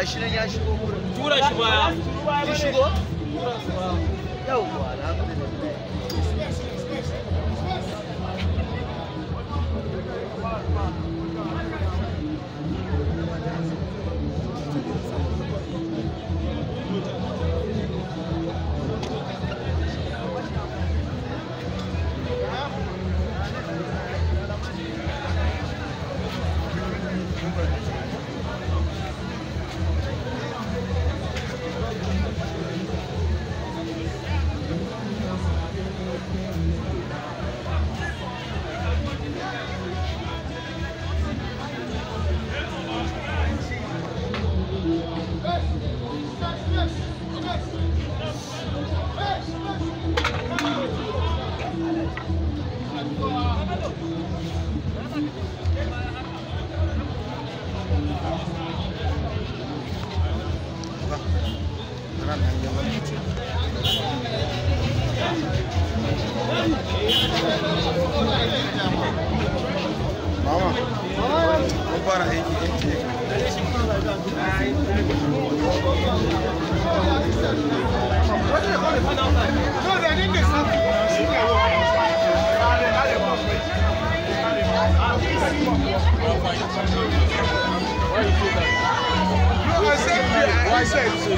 gashi nan ya shigo gurin tura shi shigo alhamdulillah vai ser isso.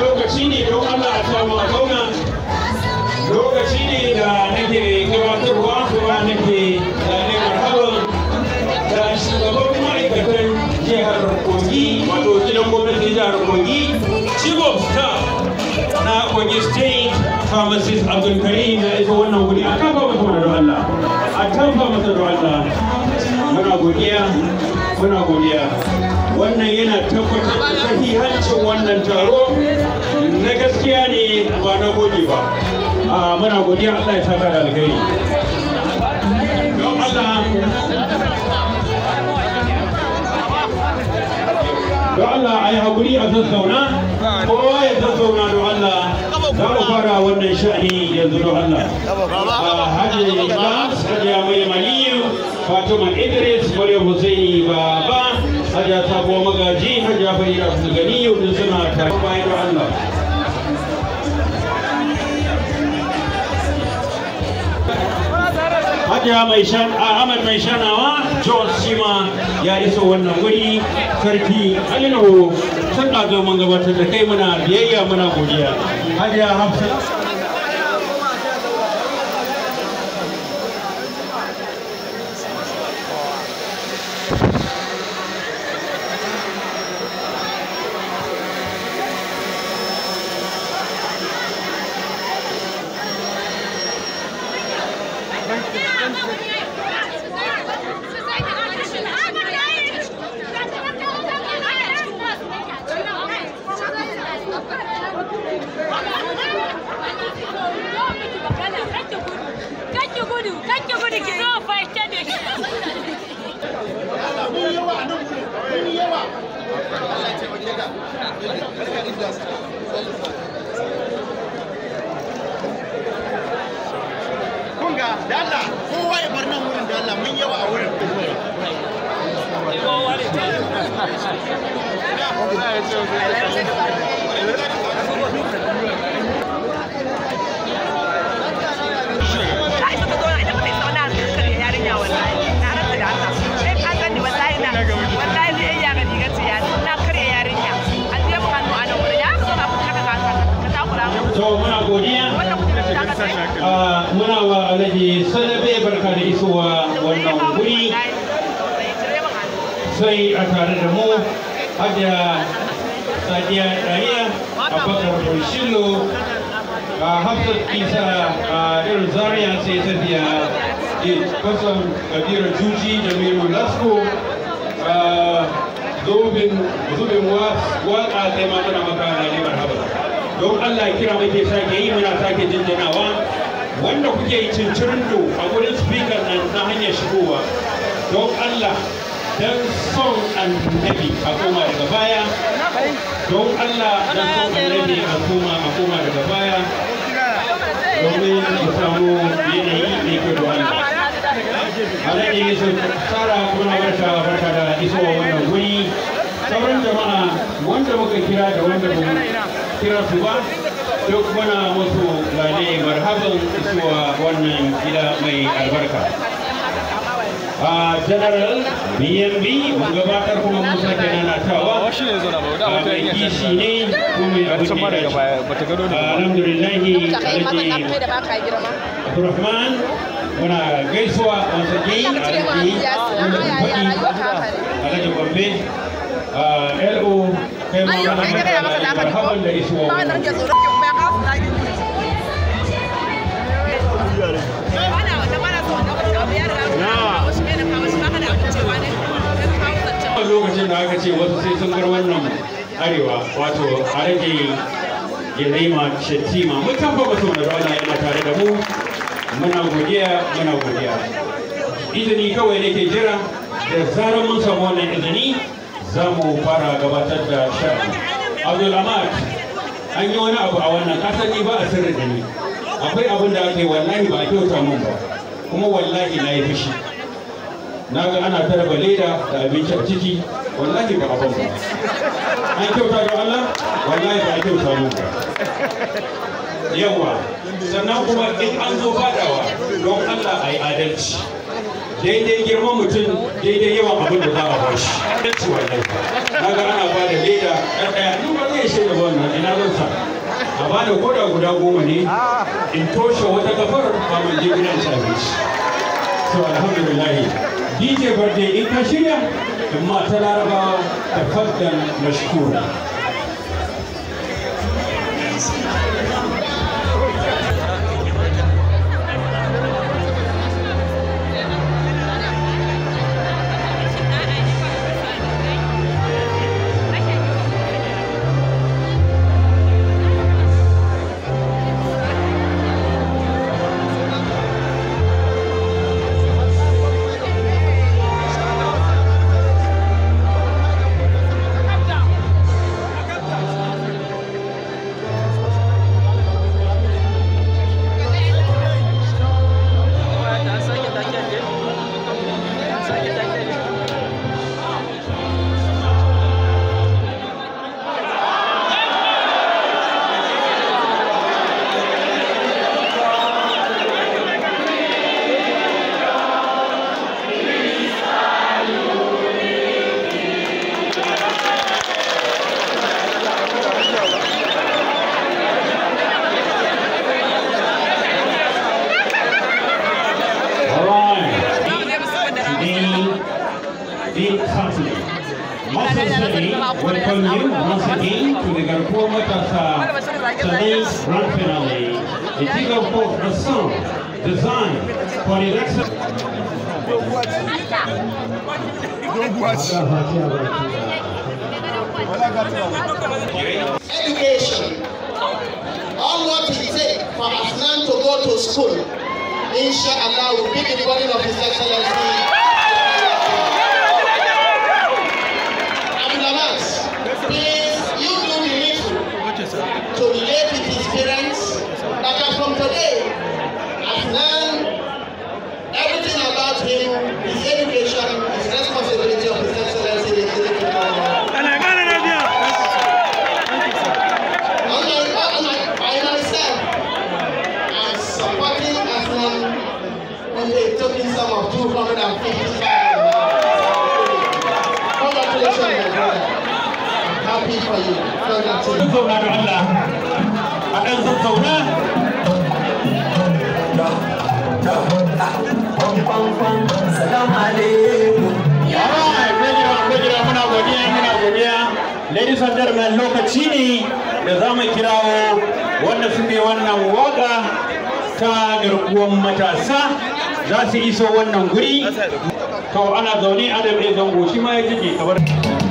lokaci ne don allah a samu a zauna lokaci ne da nake gabatarwa kuma nake da ne marhaban da shugaban ma'aikatan jihar kogi wato jihar kogi chief of staff na kogi state pharmacist abdulkarim ya iso wannan wuri a kafa masa madadin allah a tamfa masa da allah muna godiya muna godiya wannan yana tabbatar da sahihancin wannan taro na gaskiya ne ba na goge ba muna godiya allah ya saka da alkhairi don Allah a yi haƙuri a zazzauna kowa ya zazzauna don Allah za mu fara wannan sha'ani yanzu don Allah hajji Ilyas hajji Amai Maliyu Fatima Idris Maryam Hussaini Baba hajji Sabo Magaji hajji Fayyar Abdulganiyu duk suna tare bayan don Allah Hajiya mai shan Ahmad mai shanawa Jos Shima ya iso wannan wuri sarki alinawo sun ɗazo mun gabatar da kai muna biyayya muna godiya hajiya hafsa kunga da Allah kowa ya bar nan wurin da Allah mun yawa a wurin kowa ne sosai a tare da mu hajja sadiya a abubakar bushillo a hafsat isa a irin zariya sai tafiya kasan kabiru juji da miru lasko zubin zubin waka sai ma tana maka lalimar haɓar don allah kira muke sake yi muna sake jinjinawa wanda kuke yi cincirindo a gurin speaker na hanyar shigowa don allah don son annabi a koma daga baya don Allah don son annabi a koma a koma daga baya domin su samu yanayi da yake da Allah alaɗe ne sun tsara kuma barka barka da isowa wannan guri sauran jama'a wanda muka kira da wanda mu kira su ba duk muna musu lale marhaban isowa wannan gida mai albarka Oh, a general bnb gabatar kuma musa ke nanatawa a mai kishi ne kuma ya abin da ya ce alhamdulillahi alhaji abdurrahman muna gaisuwa wasu ji alhaji wanda ku faɗi alhaji gombe lo kai ma wani hannun da isuwa lokacin da aka ce wasu sai sun wannan arewa wato a rage yanaima shettima mun tabbata mai rana yana tare da mu muna godiya muna godiya izini kawai ne ke jira da zarar mun samu wannan izini za mu fara gabatar da sha'ani abdul ahmad an yi wani abu a wannan kasar ba a sirri da ni akwai abin da ake wallahi ba a kyauta mun ba kuma wallahi na yi fushi na ga ana ta raba leda da abinci a ciki wallahi ba abin ba an kyauta ga Allah wallahi ba a kyauta mu ba yawa sannan kuma in an zo fadawa don Allah a yi adalci daidai girman mutum daidai yawan abin da za a ba shi adalci wallahi na ga ana ba da leda ɗan ɗaya ni ba zai shaida ba wannan ina zan sa a ba da koda guda goma ne in toshe wata kafar ba mun je gidan abinci to alhamdulillah dj birthday in ka shirya da ta larabawa da faddan mashkura City, welcome you once again to the Garkuwa Matasa Challenge Grand Finale. A figure of the song designed for the next... Education. All what it takes for Asnan to go to school, inshallah, will be the body of His Excellency. happy for you. A Yawa, muna Ladies and gentlemen, lokaci ne da za mu kirawo wanda suke wannan waka ta garkuwan matasa za su iso wannan guri. Kawo ana zaune adam ya zango shi ma ya jike kamar.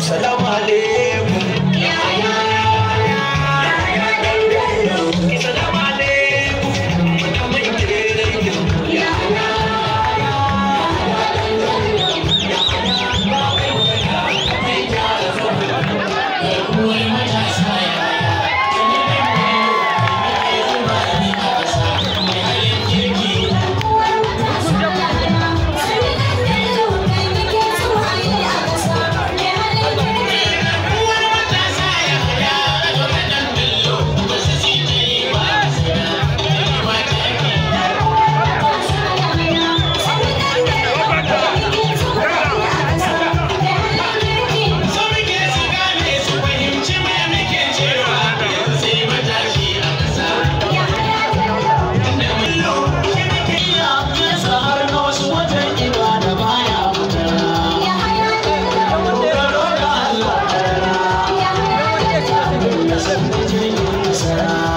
Salamu alaikum. zan je nisa